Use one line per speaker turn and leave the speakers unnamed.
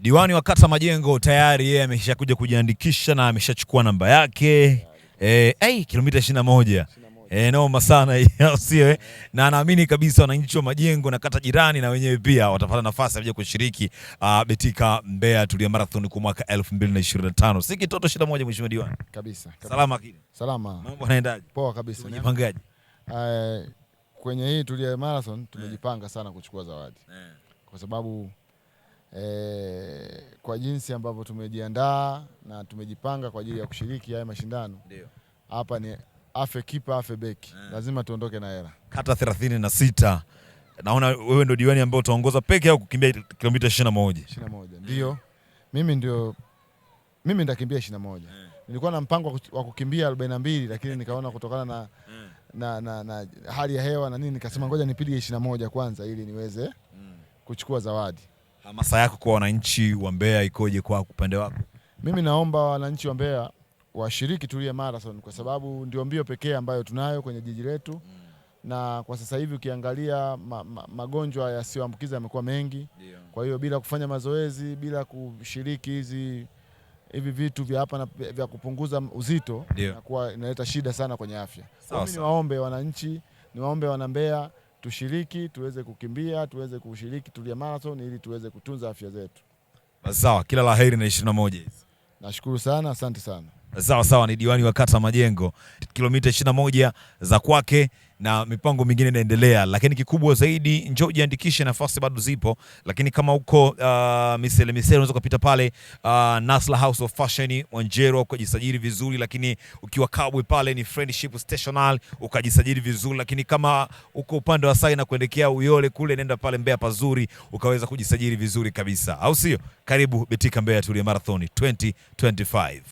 Diwani wa kata Majengo tayari yeye ameshakuja kujiandikisha na ameshachukua namba yake eh, hey, kilomita 21. Eh, noma sana sio? Eh? Na naamini kabisa wananchi wa Majengo na kata jirani na wenyewe pia watapata nafasi ya kushiriki uh, Betika Mbeya Tulia Marathon kwa mwaka 2025. Si kitoto shida moja mheshimiwa diwani. Kabisa, kabisa. Salama kile. Salama. Mambo yanaendaje? Poa kabisa. Unajipangaje?
Uh, eh, kwenye hii Tulia Marathon eh. tumejipanga sana kuchukua zawadi. Yeah. Kwa sababu E, kwa jinsi ambavyo tumejiandaa na tumejipanga kwa ajili ya kushiriki haya mashindano hapa ni afe kipa afe beki mm. Lazima tuondoke na hela
kata 36. Naona wewe ndio diwani ambaye utaongoza peke yako kukimbia kilomita 21.
21 ndio mimi ndio mimi nitakimbia 21. mm. Nilikuwa na mpango wa kukimbia 42 lakini nikaona kutokana na, mm. Eh. na, na, na, na hali ya hewa na nini nikasema ngoja nipige 21 kwanza ili niweze mm. kuchukua zawadi
hamasa yako kwa wananchi wa Mbeya ikoje kwa upande wako?
Mimi naomba wananchi wa Mbeya washiriki Tulia Marathon kwa sababu ndio mbio pekee ambayo tunayo kwenye jiji letu mm. na kwa sasa hivi ukiangalia ma, ma, magonjwa yasiyoambukiza yamekuwa mengi Dio. Kwa hiyo bila kufanya mazoezi, bila kushiriki hizi hivi vitu vya hapa na vya kupunguza uzito inakuwa inaleta shida sana kwenye afya. Mimi niwaombe wananchi, niwaombe wana Mbeya tushiriki, tuweze kukimbia, tuweze kushiriki Tulia Marathon ili tuweze kutunza afya zetu.
Sawa, kila la heri na ishirini na moja hizi.
Nashukuru sana, asante sana.
Sawa sawa, ni diwani wa kata Majengo, kilomita 21 za kwake na mipango mingine inaendelea, lakini kikubwa zaidi njoo jiandikishe nafasi bado zipo. Lakini kama uko uh, misele misele, unaweza kupita pale uh, Nasla House of Fashion Mwanjero ukajisajili vizuri, lakini ukiwa Kabwe pale ni Friendship Stational ukajisajili vizuri, lakini kama uko upande wa Sai na kuendekea Uyole kule, nenda pale Mbeya pazuri ukaweza kujisajili vizuri kabisa, au sio? Karibu Betika Mbeya Tulia Marathon 2025.